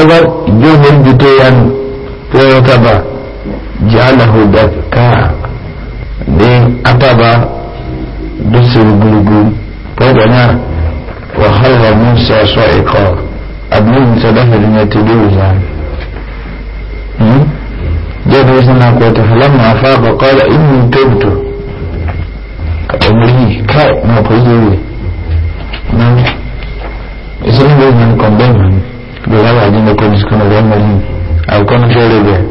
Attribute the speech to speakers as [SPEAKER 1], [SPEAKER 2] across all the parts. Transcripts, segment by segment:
[SPEAKER 1] ẹwà ìjọ mẹ́rin tó yánu tó yọ kaba jàánàhù dàkà ní ataba dọ́sẹ̀rù gbogbo pọ̀gbọ̀ náà wàhálà musa sọ ẹ̀kọ́ abúlé sọdáfẹ̀lì ní ẹ̀tẹ̀lẹ́ òòzà jẹ́bi sọ́nà kọ́tà fọlọ́mù afáàkọ́ kọ́lá inú tóbutò ọmọ yìí káì náà kò yéwè náà ìsọ́nà bẹ́ẹ̀ náà kọ́ bẹ́ẹ̀ náà بلا واحدين لكم سكن الغمرين أو كانوا جاربا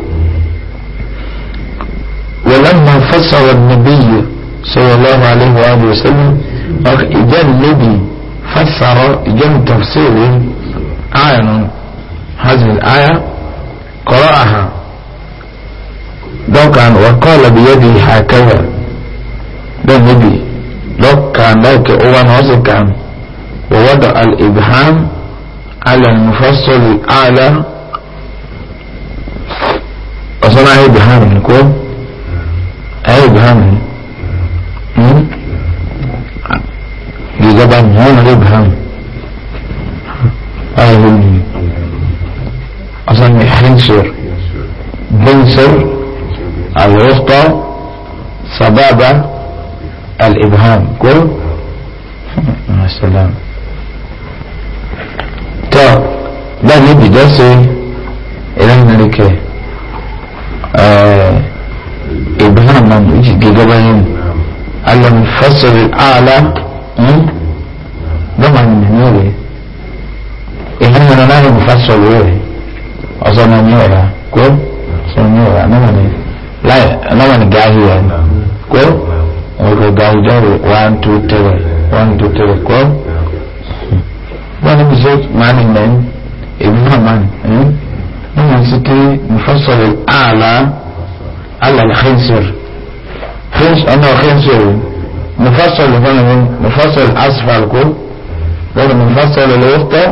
[SPEAKER 1] ولما فصل النبي صلى الله عليه وآله وسلم إذا الذي فسر جم تفسير عين هذه الآية قرأها دوكا وقال بيده هكذا ده النبي دوكا دوكا أوان وزكا ووضع الإبهام على المفصل الأعلى أصلا عيب هامل نكون عيب هامل دي طبعا هون عيب هامل هاي هوني أصلا حنصر بنصر الوسطى سبابة الإبهام كل مع السلامة you just say ẹlẹ́nìrìkẹ́ ibrahim náà gẹ́gẹ́ báyìí alamu fasori ala dọ́mà nínú rẹ̀ ìhàn yẹn náà yẹn fasori rẹ̀ ọ̀sán náà ní ọ̀la kó ọ̀sán ní ọ̀la náà ní gáàhì rẹ̀ kó wọ́n kọ́ gáàhì dọ́rọ̀ one two three one two three kó wọ́n ní bisọ́ màá ní mẹ́rin èmi náà máa ní wọ́n máa ti ké mufasọ̀rọ̀ àlà àlàlà hẹ́nsìr ọ̀nà hẹ́nsìr mufasọ̀rọ̀ fún mi mufasọ̀rọ̀ asfal kó lọ́nà mufasọ̀rọ̀ lọ́wọ́tọ̀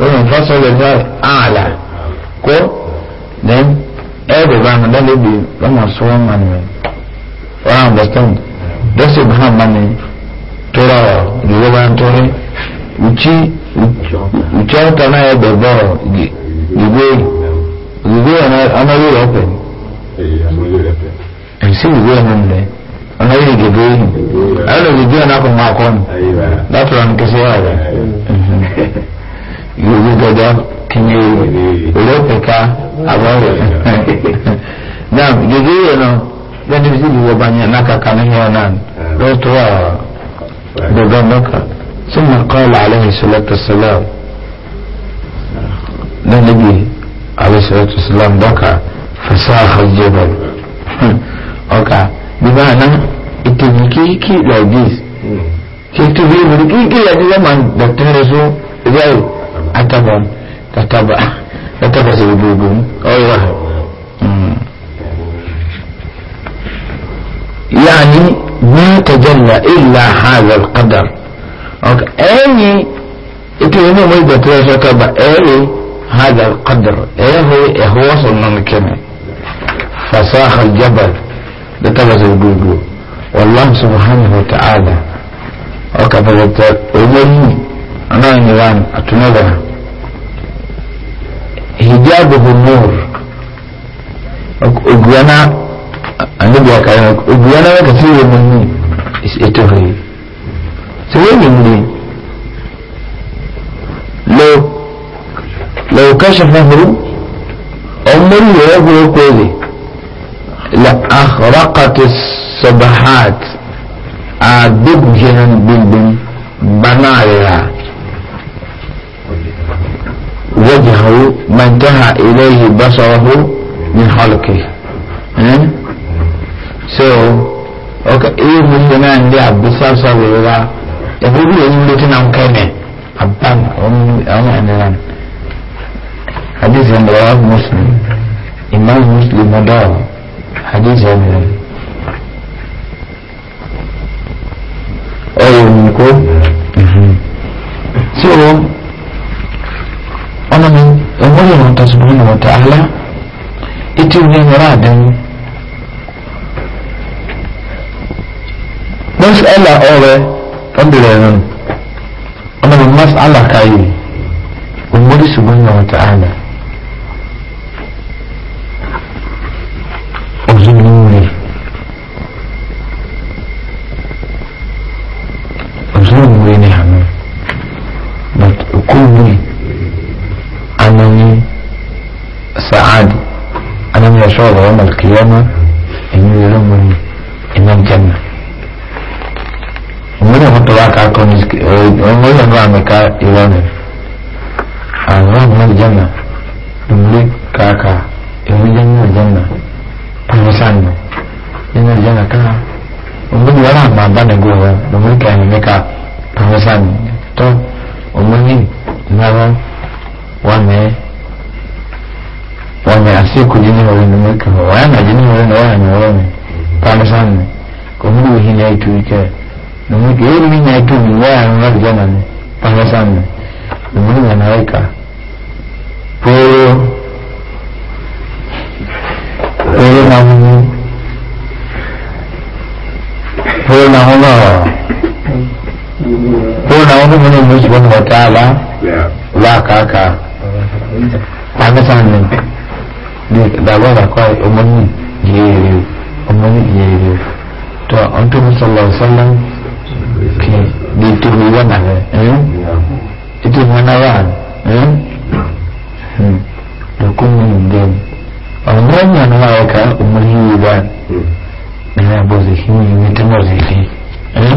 [SPEAKER 1] lọ́nà mufasọ̀rọ̀ àlà kó then ẹ̀rọ bá mi lọ́nà ibi lọ́nà sọ́wọ́n máa ní wọ́n á understand dọ́sẹ̀ bá máa ní tó rà ìwé bá ń tó rí ìtí ìtsọ́ ta náà yẹ gbẹ̀gbọ́ ìgbé ìgbé ọmọdé rẹ̀ pẹ̀ ẹ̀sí ìgbé ọmọ rẹ̀ ọmọdé rẹ̀ gbẹ̀gbẹ́ yìí ẹ̀rọ ìgbé ọ̀nà kò máa kọ́ ni látọ̀ ọ̀nà kẹsẹ̀ wà rẹ̀ ìgbé gbẹ̀gbẹ́ kìíní ìrẹ́ pẹ̀ka àbọ̀ rẹ̀ náà gbẹ̀gbẹ́ yìí náà bẹ́ẹ̀ ni bí sí ìgbé ọba yẹn náà kàkà ní yẹn náà lọ́tọ̀ ثم قال عليه الصلاة والسلام نبي عليه الصلاة والسلام بكى فساخ الجبل بكى بمعنى اتبكيكي لعبيث كيكتب لي بركيكي يعني زمان بكتنسو زي أتبع تتبع تتبع سيبوبون أيوه يعني ما تجلى إلا هذا القدر ọkà ẹ̀yìn ètò ìlú ọmọ ìgbà tó ẹ̀ṣọ́ kaba ẹ̀yìn hajj qadr ẹ̀yìn ẹ̀họ́wọ́sọ̀ nínú kẹ́mi fasaha jabal da tabbatar gugu wallah subhanahu wa ta'ala ọkà fagata ọmọlú anáwọn iran àtúnọ́dà hijabu humur ogwana anibu akayi ogwana wakasi ọmọlú is etohari سيئني منين لو لو كشفه عمري يقول كوزي اخرقت الصبحات عدد جنان بلبل بنايا وجهه ما انتهى إليه بصره من خلقه اوكي ايه even the man there beside ɛbɛrɛ bi yɛ yi lɛti na nkae mɛ aban ɔmo ɛnɛra hadith yɛn dɔwɔ abu muslim imam muslim ɔdɔɔ hadith yɛn dɔwɔ ɔyɛ oniko so ɔno mi ɔmo yɛ wɔn tɔ subu na wɔtɔ ala eti wuli nyɔrɔ adan mɔsi ɛla ɔrɛ. فبلينن أما الناس الله كايه أمور سبحانه وتعالى أزنوني أزنوني نحن نتقومي أنني سعاد أنني أشعر يوم القيامة إني يرمني إن الجنة ka communicate ọmọ yẹn náà mi ka ìwọ mi àwọn ọmọ mi jẹ́ nà lùmúlẹ̀ kàkà èmi jẹ́ nínú ìjẹ́ nà pàmò sànù nínú ìjẹ́ nà ká ọmọ mi wọ́n àmà abánago wọn lùmúlẹ̀ kà ẹ̀mí ká pàmò sànù tó ọmọ mi nàrọ̀ yà nà jẹ́ nínú ìwọ̀n lùmúlẹ̀ yà nà wọ́n mi pàmò sànù ọmọ mi wò hin náà ètò ìkẹ́ domin da yau min ya tubi ya yi ranar jana ne ta hausa ne domin ya na aika foro foro na hunu foro na hunu foro na hunu mune musu wani wata ala ba kaka ta hausa ne da ba da kawai umarni jere umarni jere to an tubi sallallahu sallallahu okay. di tujuan ada eh? itu menawan eh? hmm. hmm? hmm. dukung meninggal orang yang mereka umur hidupan dengan posisi ini posisi eh?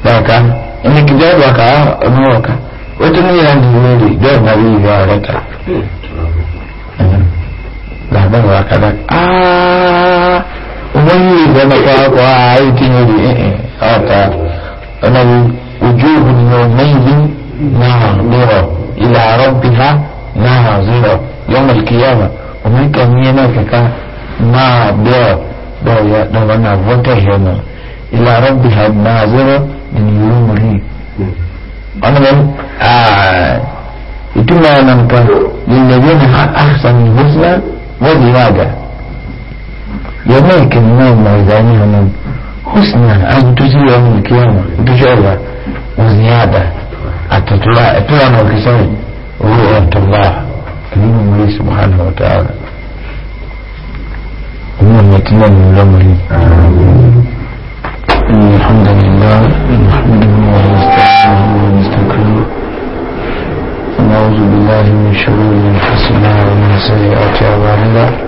[SPEAKER 1] bahkan ini kita bakal mereka waktu ni yang diri dia bagi hmm. mereka Dah dah, dah, dah, ah, ومن يبنى فأقوى عايتين ودي أعطى أنا وجوه يومئذ ناظرة إلى ربها ناظرة يوم القيامة ومن كان ينافك ناظرة دويا دوغنا فوتهنا إلى ربها ناظرة من يوم لي أنا من آه يتم أن للذين أحسن الحسنى وزيادة يوميك النوم وإذانهم حسنا أن تجي يوم القيامة بجوة وزيادة أتطلع أتوانا الكسان رؤية الله كريم لي سبحانه وتعالى ومن يتمنى من الأمر إن الحمد لله نحمده ونستعينه ونستغفره ونعوذ بالله من شرور أنفسنا ومن سيئات أعمالنا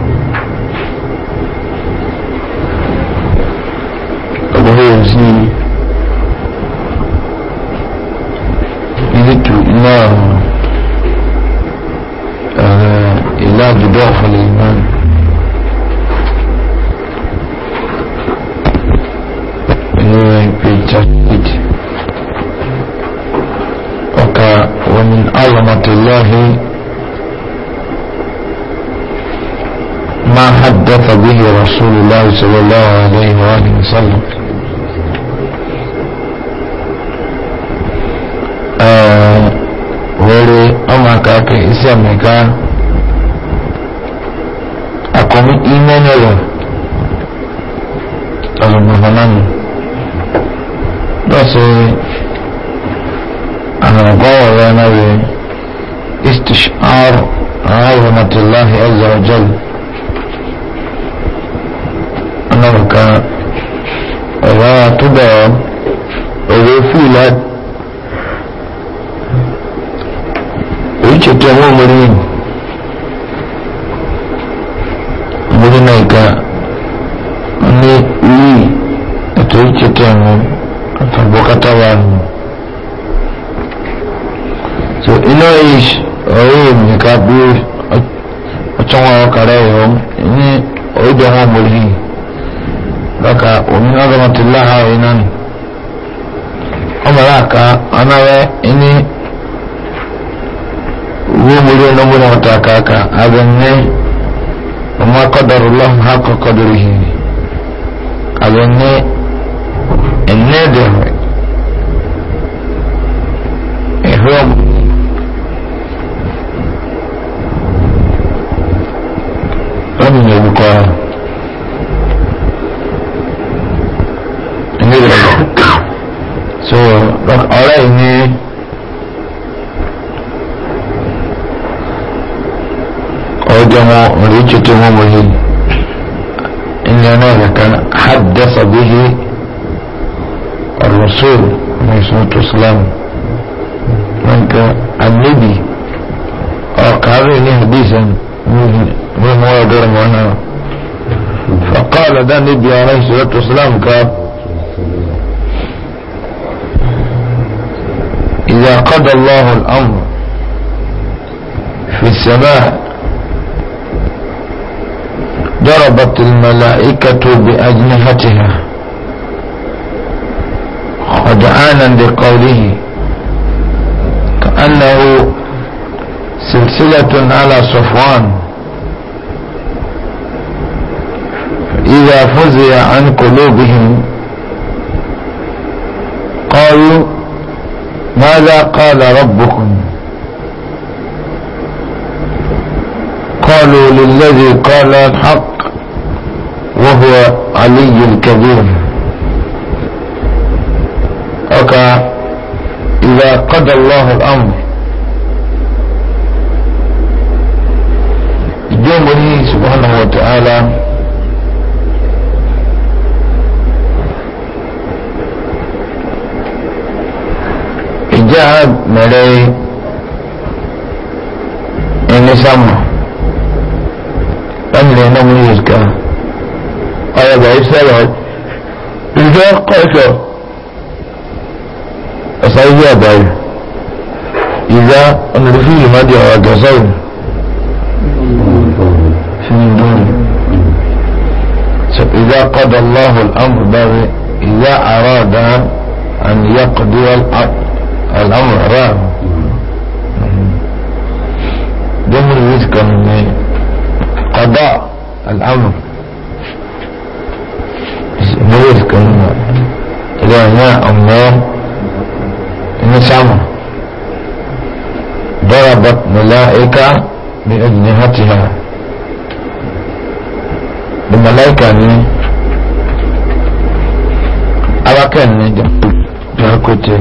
[SPEAKER 1] يجزيني ذكر الله هذا علاج ضعف الإيمان ومن عظمة الله ما حدث به رسول الله صلى الله عليه وآله وسلم were ọma ka aka isi amịka akọmi ime nyere ọzọmọfanani lọsọ anagwawara anaghị istishar عظمة الله عز وجل أنك ولا تدعو ويفي لا kyakkyawan wuri wuri na ga ne yi a to yi kyakkyawan a farbukata wani وجتموه إن ذلك حدث به الرسول عليه الصلاة والسلام منك النبي أقارني حديثا من مواجر وانا فقال ده النبي عليه الصلاة والسلام قال إذا قضى الله الأمر في السماء ضربت الملائكة بأجنحتها خدعانا بقوله كأنه سلسلة على صفوان إذا فزع عن قلوبهم قالوا ماذا قال ربكم قالوا للذي قال الحق وهو علي كبير أكا إذا قضى الله الأمر جمعه سبحانه وتعالى إجاب ملي إن سمع أمر نمو يزكاه وعسلام إذا قسى أصيب يا باي إذا أنرفي ما دي وقصون من إذا قضى الله الأمر بغي إذا أراد أن يقضي الأمر راه دمر رزقا قضاء الأمر mẹ́rin kan nù ilé ọ̀nyá ọ̀mẹ́ ní sáàmù dọ́ra bọ́t mọ̀láìka ní ẹ̀dínní hàtì hà ní mọ̀láìka ní abákẹ́ ní dàkútẹ́.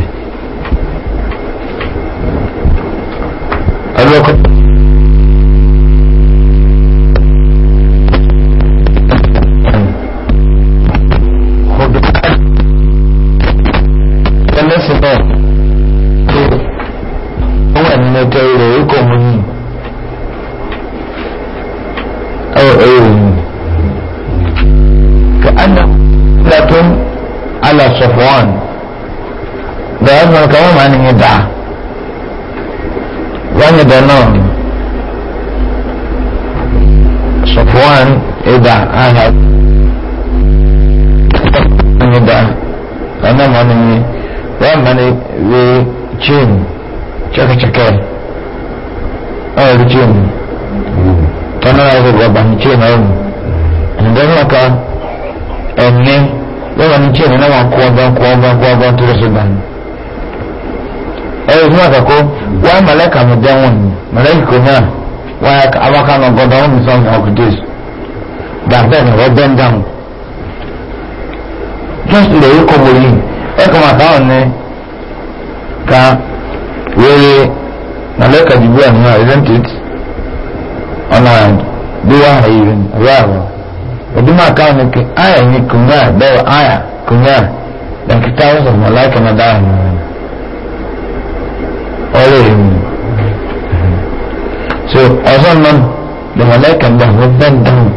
[SPEAKER 1] mala'ikan da babban damu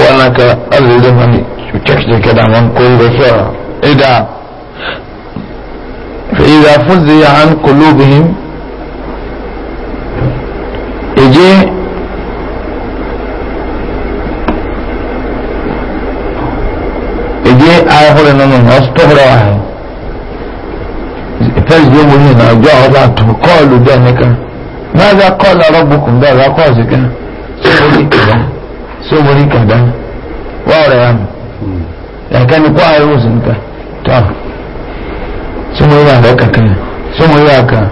[SPEAKER 1] wannan ka alalai mani cutar da ke daman koyi da shara ida fa'iza fuzi ya an kulubihim ije ije ayi hore nanan wasu tohura wahayi fes bi mu ni na ọjọ́ ọba tó kọ́ọ̀lù bẹ́ẹ̀ nìkan ماذا قال ربكم ده لا قاسي كده سمري كده سمري وارا يا عم لكن قوى يوزن كده تعال سمري يا لك كده سمري يا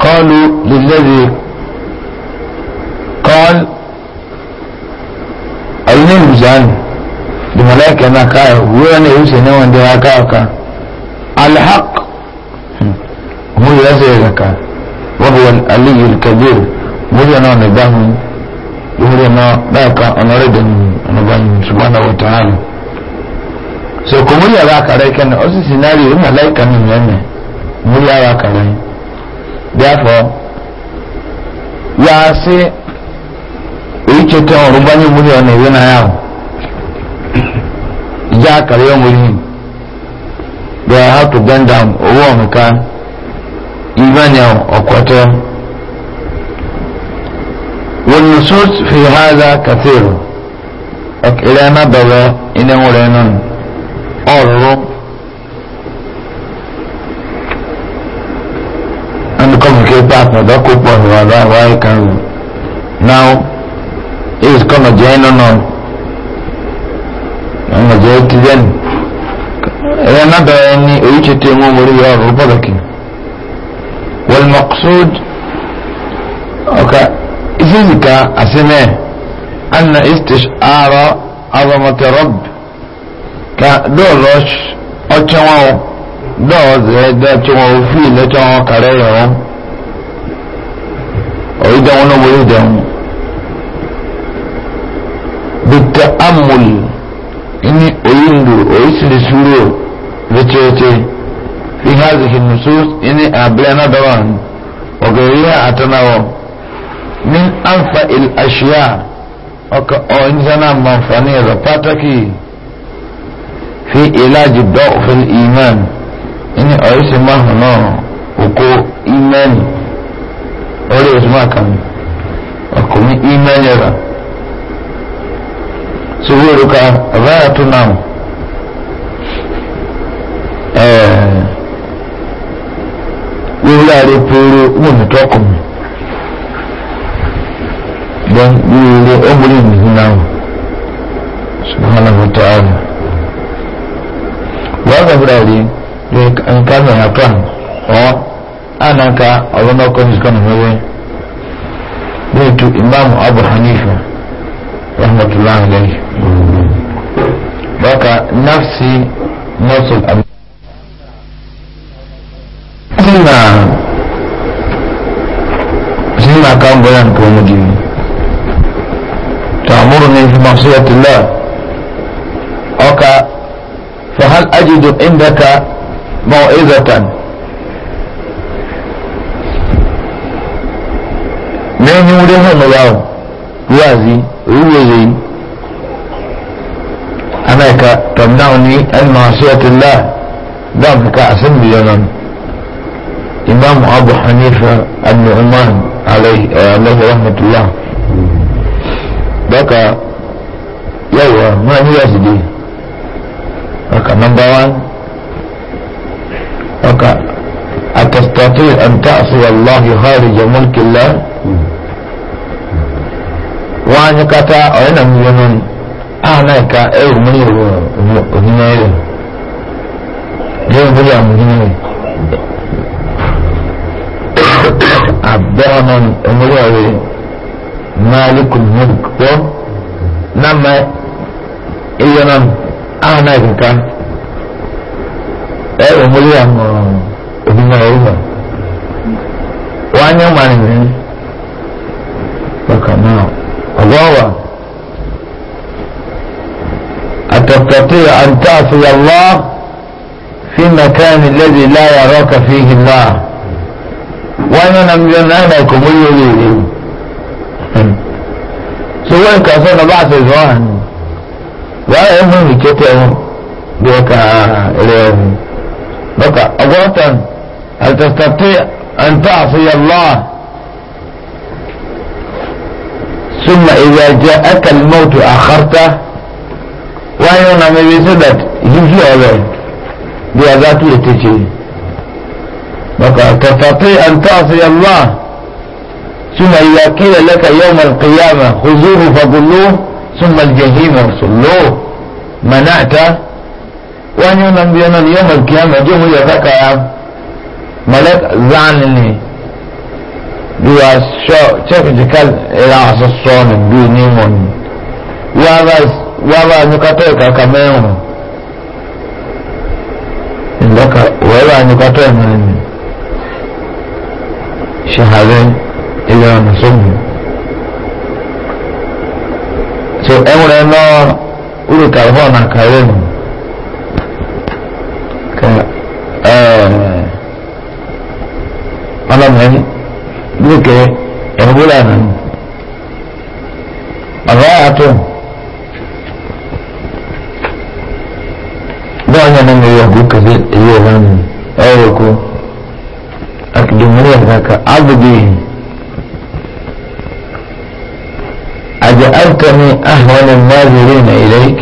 [SPEAKER 1] قالوا للذي قال ainihin bizani da malaika na kaya wura na yusa ne wanda ya kawo ka وهو الألي الكبير مرينا نباهم يمرنا ذاك أنا ردن نباهم سبحانه وتعالى so ko murya ba ka rai kan wasu sinari yin malaika min yanne murya ba ka rai therefore ya se oyice ta ọrụ banye murya na ebe na yawo ya kare yau murya they have to bend down owó ọmọkan إيمانيا وقوته والنصوص في هذا كثير إلى ما بلا إنه لنا أرغب أن communicate back with the coupon or that why can now is come again or not أنا جاي تزن إذا نبأني أيش تيمو مريض أو بلكن mas'ud oka isizika asime anna istishara azamati rabb ka dolo ochewo do ze da chewo fi le chewo kare yo o ida wono mo ida بالتأمل إني أيندو أيسل سورو بتيتي في هذه النصوص إني أبلنا دوان وغيرها أتناو من أنفع الأشياء وإنسانا منفعني رفاتكي في علاج ضعف الإيمان إني أعيش ما هنا وكو إيماني أولي اسمع كم وكم إيماني رأى سبورك غاية نام آه wurare fere wanda tokun don wuri omurin nahu subhanahu wa ta'ala wanda wurare da an kama na plan o ana ka a wani kwanis kan hawa ne to imam abu hanifa rahmatullahi alaihi baka nafsi nafsul amin بيان كومدي تأمرني في معصية الله أوكا فهل أجد عندك موعظة من يوريهم ياو وازي روزي أنك تمنعني عن معصية الله دمك أسمي لنا إمام أبو حنيفة النعمان alaihi rahmatullah daga yawa ma ni yasu dai haka number one haka a tastatu an ta'asu wallahi harija mulkillah wani kata a yana miyanin a na ka ewu muni onímọ̀ ẹ̀rọ yóò múlẹ̀ àmúlẹ̀ ọ̀nàn ọmọdé ọ̀rẹ́ malikul mulk tó nama iye nan àwọn náà kìka ẹ ọmọdé àwọn obìnrin ọ̀rẹ́ náà wọ́n á nyẹ́ mọ́ni ní bàkà náà ọgọ́wà àtọ̀tọ̀tì àǹtàfíà lọ́ọ́ fi mẹ́kánì lẹ́bi láyà rọ́ọ̀kà fíhìn wani na miliyan na yana kuma yi wani yi so wani kasuwa na ba ta zuwa ne ba ya yi mun rike ta yi da ya ka ilayen baka a gwatan altastati an ta'afi Allah ثم إذا جاءك الموت أخرته وأنا ما بيسدت يجي عليه بأذاته تجي تستطيع أن تعصي الله ثم إذا قيل لك يوم القيامة خذوه فقلوه ثم الجحيم صلوه منعت وأن ينبينا يوم القيامة جمه يذكى ملك زعلني دواس شو جكال إلى عصصون بنيمون وابس وابا نكتوك كميهم إنك وابا نكتوك مني shahadain ila nasumu so enwere no uru ka ho na karen ka eh ala men duke enwula na ala ato ba nya na yo buka yo ranin أهون الناظرين إليه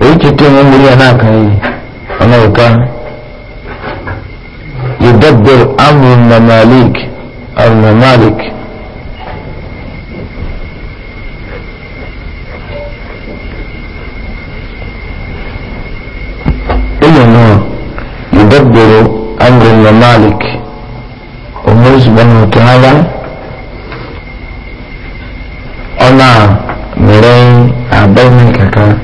[SPEAKER 1] ويجتمع مريا ناكاي أمريكا يدبر أمر المماليك الممالك إلا يدبر أمر الممالك أمور سبحانه وتعالى أنا مرين أبين كاكا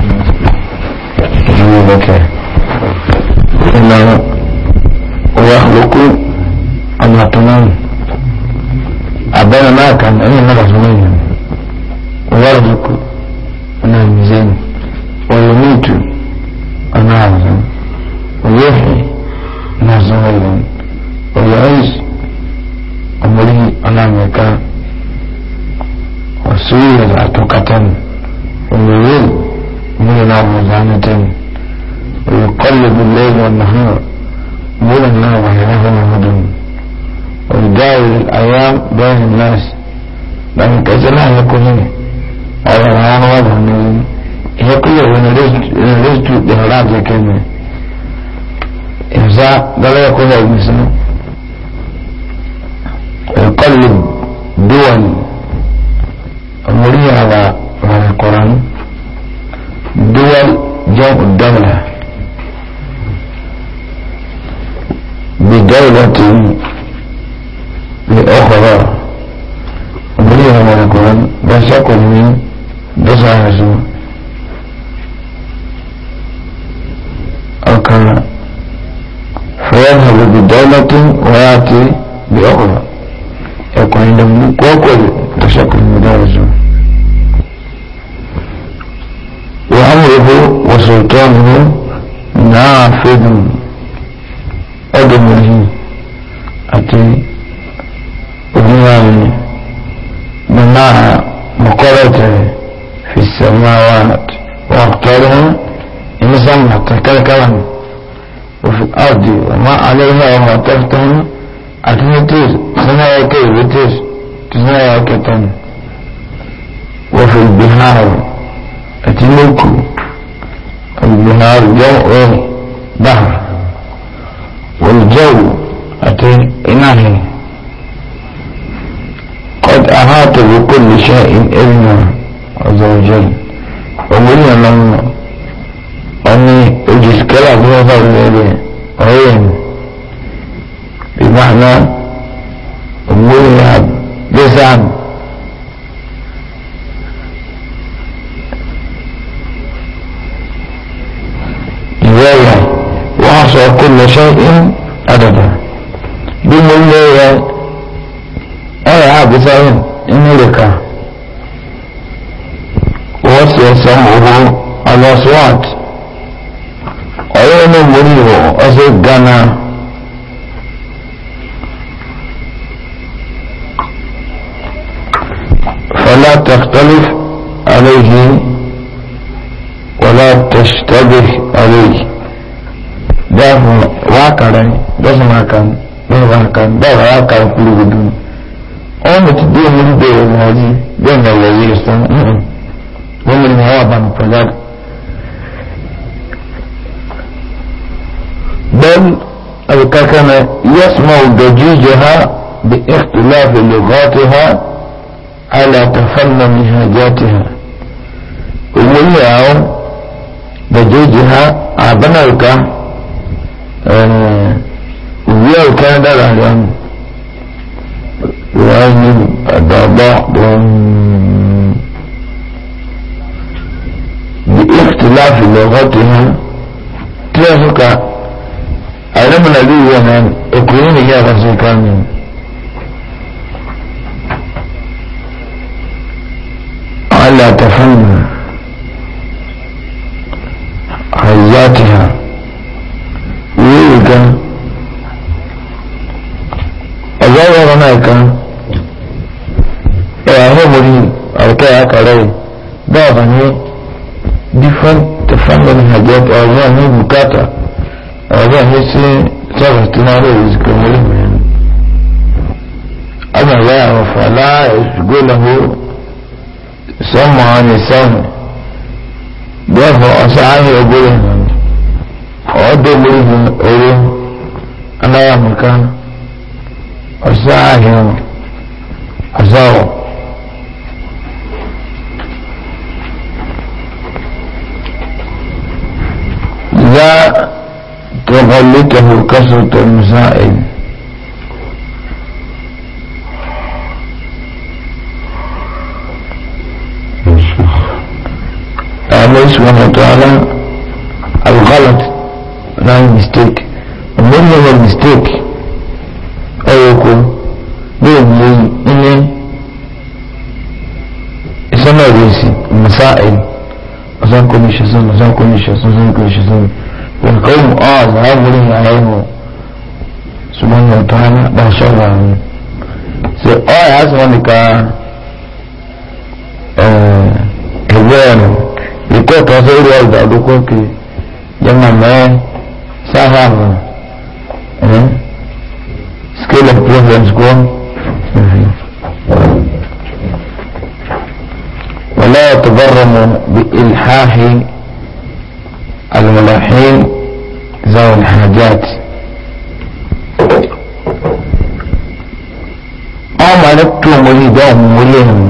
[SPEAKER 1] لك إنه ويخلق أما تنام أبانا ما كان أين نغزمين الصلاة بأخرى يكون عندهم كوكل تشكل مدارس وأمره وسلطانه نافذ أدمه أتي أبنائي مناها مقالته في السماوات وأقطارها إن سمعت كالكلام وفي الأرض وما عليها وما تحتها أتمتر سنعك وتر تسنعك تن وفي البحار أتملك البحار جمع بحر والجو أتين إناه قد أحاط بكل شيء علما عز وجل ومن لما أني أجل كلام هذا الليل عين Imana William Gesang Iwaya وحصى كل شيء أدبا بمولي أي عبد سعيد إمريكا وصي سمعه الأصوات أيوم مريض أصيب جناه تختلف عليه ولا تشتبه عليه ده واقع ده سماكا ده واقع ده واقع كل بدون أمة الدين من بين الهدي بين الذي اللي ومن موابا فذلك بل الككنة يسمع ضجيجها باختلاف لغاتها على تفنن لهاجاتها وملياو بجوجها عبنوكا آه، ويوكا دلالهم وعين بعض باختلاف لغتها تيسوكا أنا من أبي وانا يا غزيكا منه إلا تفنى عن ذاتها ويلك أزايا هناك أهمني أركاها كالي ضعفني different different حاجات أولا هي بكاتا أولا هي سي صفحة نارو يذكر مليم أنا لا فلا يشغله سمعا لسان therefore ọ̀sáàyè ògbólẹ̀ ọ̀ọ́dọ̀ gbólẹ̀ orí aláyàmùká ọ̀sáàyè ọ̀sáwọ̀ ذا تغلقه كسرة المسائل subhanahu wa ta'ala al-ghalat wrong mistake ọmọdé wọn mistake ọ̀rọ̀kọ bí èmi ní ìsọ́nà ìrẹsì masáìl ọ̀sán kò ní ṣẹ̀sán ọ̀sán kò ní ṣẹ̀sán ọ̀sán kò ní wọn kọ́ mu ọ́ àgbàwọ̀n ní ara ẹ̀wọ̀n subhanahu wa ta'ala bá ṣọ́ọ̀bù àwọn ṣe ah, ọ́ yà á sọ wọn nìkan eh, ẹ̀wẹ̀ ẹ̀rọ. dé ìlú ọ̀dà olóko kiri yẹn mọ̀ ẹ́ sáfàmù scale of preference kọ́ ولا يتبرم بإلحاح الملحين ذوي الحاجات أمرت مليدهم مليهم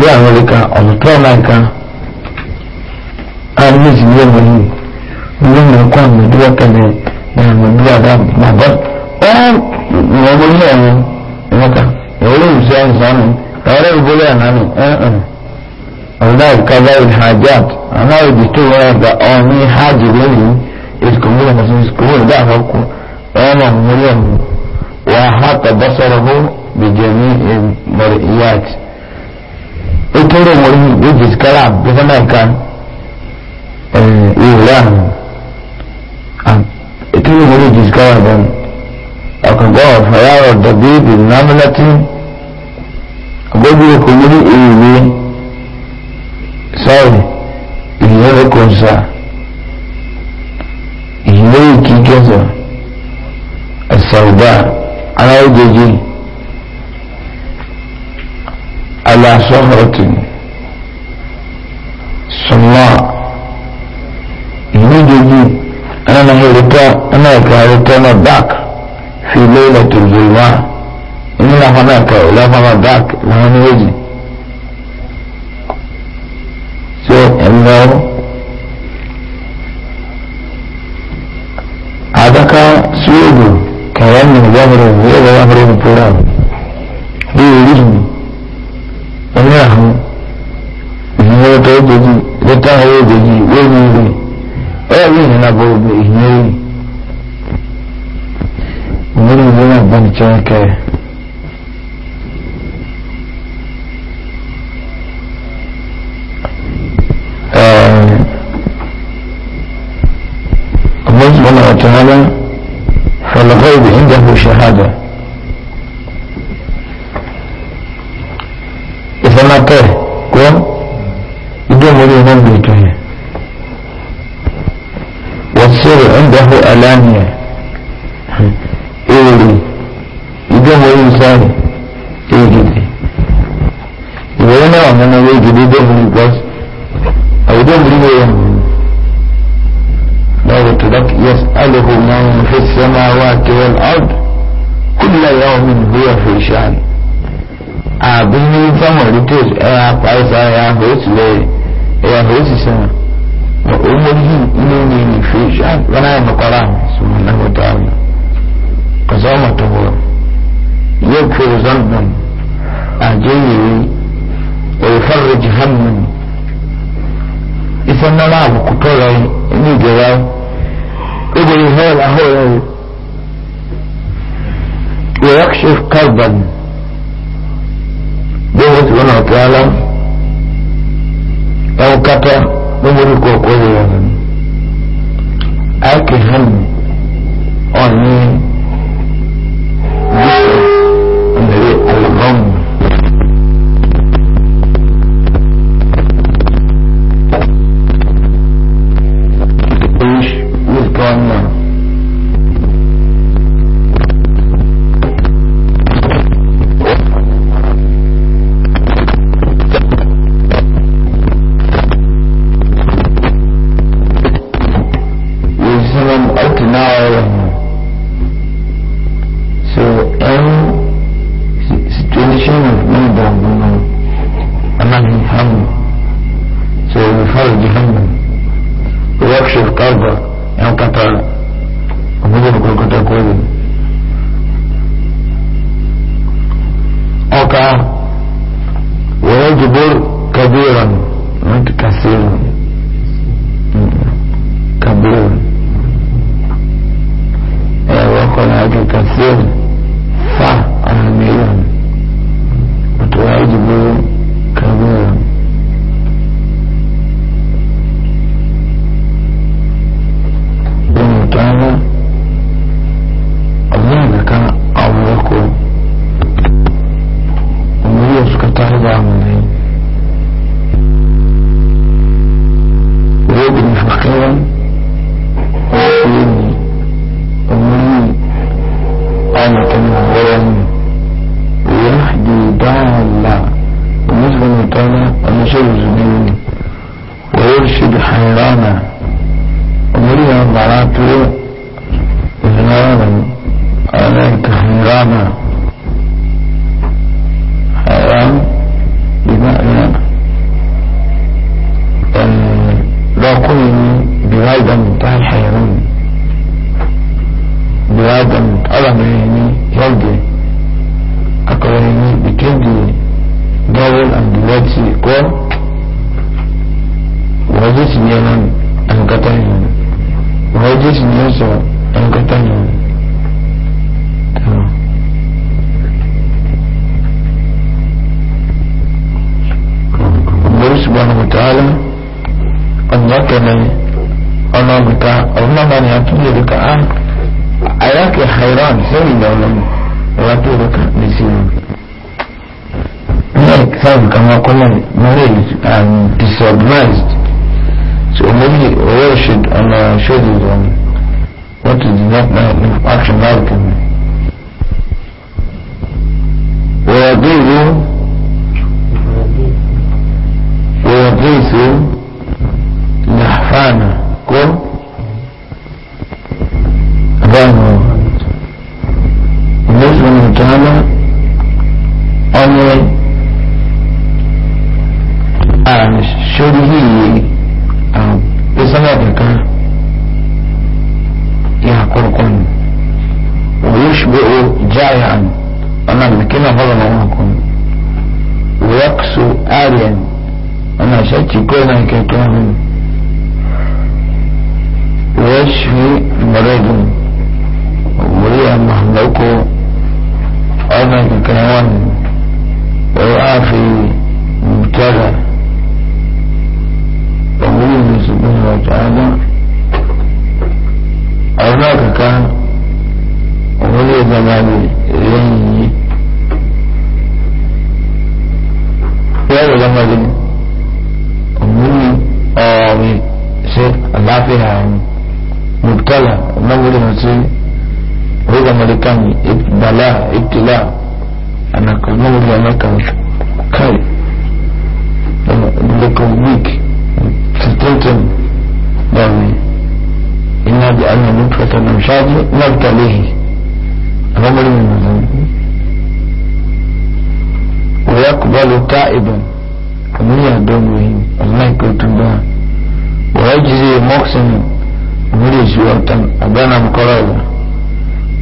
[SPEAKER 1] bí àwọn olè kan ọ̀nà tó ọ̀nà kan àwọn méjì ní ẹ̀mọ yìí ní ìlú kọ́ àmì ìdúró kẹlẹ̀ ní àmì ìdúró àdá bàbá wọ́n wọ́n wọ́n ní ẹ̀wọ̀n ìwọ́ta ẹ̀wọ́n yóò ṣe àìsànù ẹ̀wọ́n yóò gbólé ànánù ẹ̀hún ọ̀dà ìkájá ìhàjáàt àmọ́ ìdí tó wọ́n ẹ̀dá ọ̀ní hajj lónìí ìsìkòmúlò ètòrò wọn yìí èjì sikara gọ́fẹ́nà kan ìwòrán ètòrò wọn èjì sikara gan ọ̀kàgọ́ ọ̀fẹ́yàrọ̀ dàbí ìbì námúlẹ́tì agbẹ́gbẹ́ kò ní ìwé sọ́ọ̀rì ìyẹ́rẹ́ kò ń sá ìyẹ́rẹ́ kìí kẹsàn-án ẹ̀sàrùbá aráyé jẹjẹrẹ. على صهرة صلاة يوجد أنا هيرتا أنا كهرتا نداك في ليلة الظلماء إلا هناك لا فنداك لا نوجي. so الله هذا كان سيوجد كيان من ظهر غير ظهر ogogi leta ha ogogi wéyìn rí ẹ̀rí ìrìnà gbogbo ìyẹ́rì òmìnir ìlú náà bá ní chẹ́kẹ́ الله سبحانه وتعالى فالغيب عنده شهاده ọ̀la nìyẹn الشعب غنائم القرآن سبحانه وتعالى قسامته يغفر ذنبا عجيب ويفرج هما إذا نلعب كتولي إني جراو إبري هيل أهول ويكشف كربا به سبحانه وتعالى أو كتا نمرك وقوله ake hannu ọ̀nì muito caseiro, cabelo. É o acolhado é caseiro, fá, armeiro, o toalho é de bolo. ni ọ̀nà ọ̀gbìkà ọ̀gbìnàmà ni àtúnyẹ̀ lóka á àyàkè hairan lẹ́yìn ìgbà ọlọ́mù ọ̀rọ̀ tó lóka ní sílùú ní disorganized so maybe ọ̀rọ̀ should ọ̀nà um, show is on what is the not my action now to me. Where do you? Where do you? kana ko abana لما لم أمولي آمي سي العافية عن مبتلى لما لم سي رضا ملكاني ابتلاء ابتلاء أنا كنت نقول لما كان كاي لكم ويك ستلتم داوي يعني، إنا بأن نطفة نمشاد نبتليه لما لم ويقبل تائبا kamar ya don goyi wallahi kai tun ba wa ya ji zai moksin mure shi watan a gana makara ba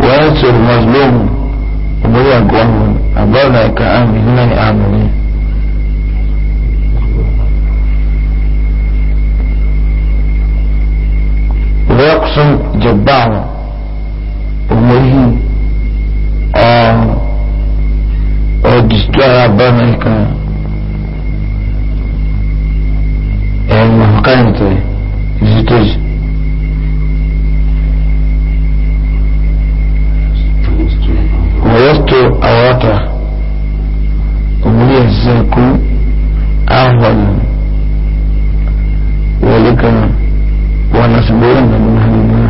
[SPEAKER 1] wa ya ce mazlum kamar ya gwamnu a bar da ka amini na amini wa ya kusan jabbawa umuri a destroy our banner Qayyim tabi. 103. ويستر عورته ويهزك أهولا ولك ونسبون من هذا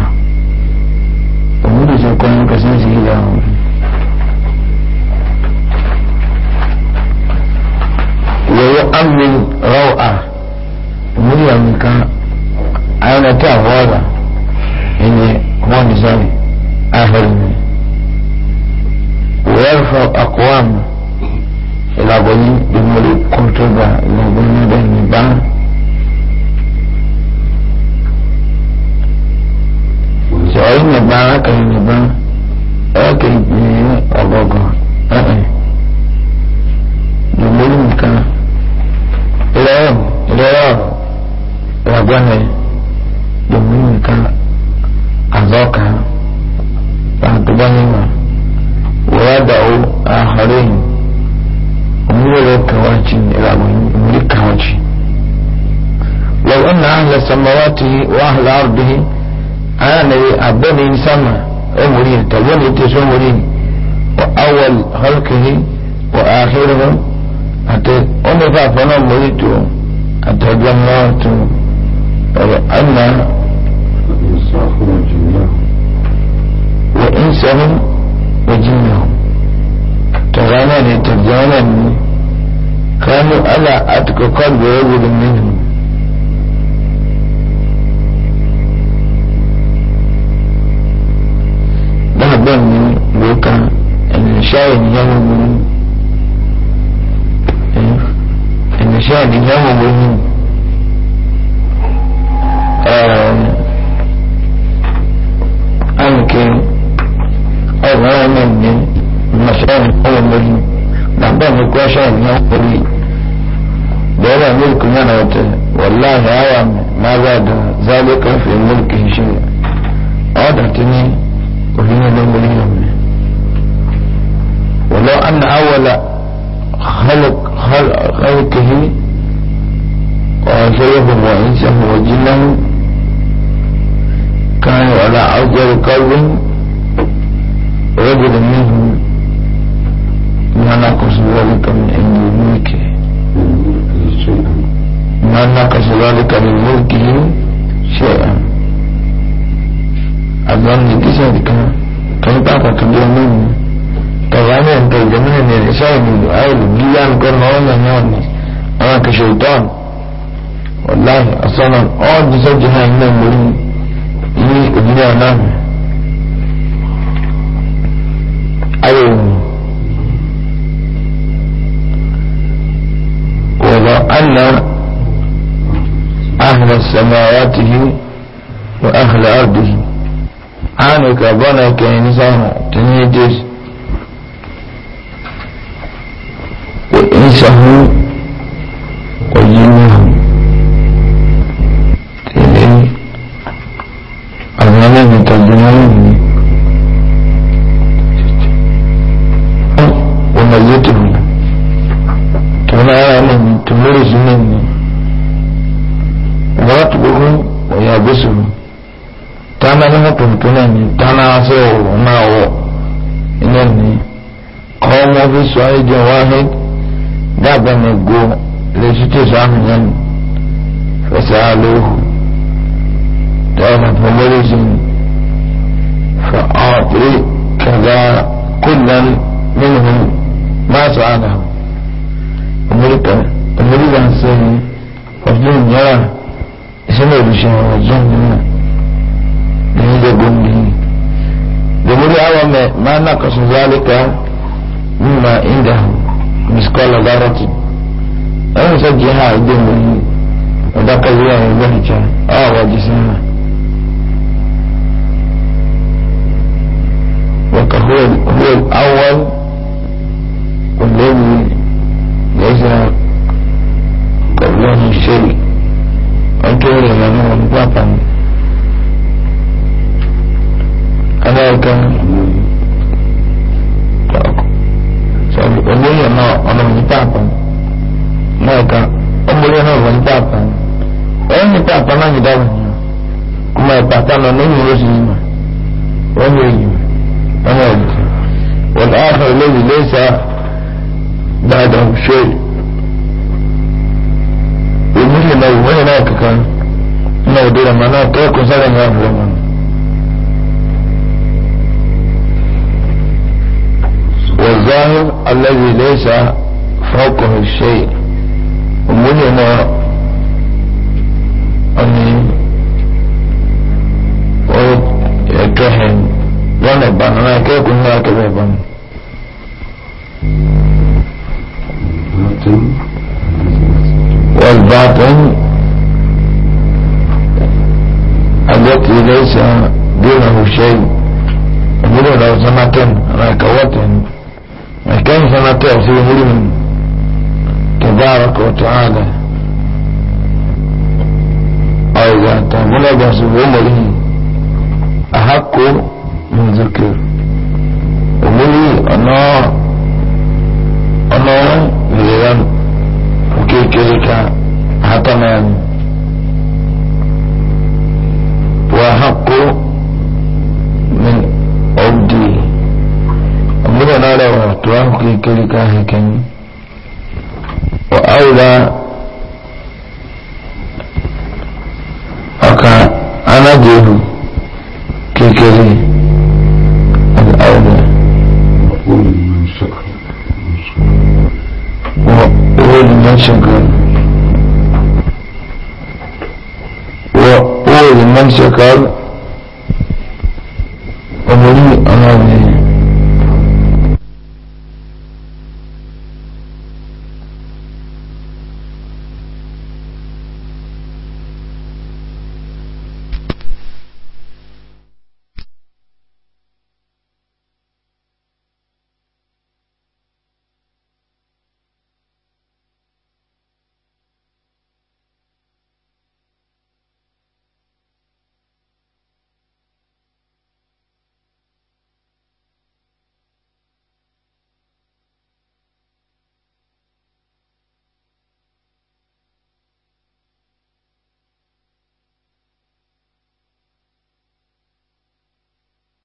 [SPEAKER 1] أهل سماواته وأهل أرضه عنك بنا كإنسان تنيدش جائے جواہ kore wani wani baban aláìkan olóyè náà ọlọ́run ní pàápàá ليس فوقه شيء ومننا أني أود يتوحن ونبان أنا كيف كنا كذبا والباطن التي ليس ضاحكا وأولى أكا أنا جيه كيكري الأولى وقول من شكر وقول من شكر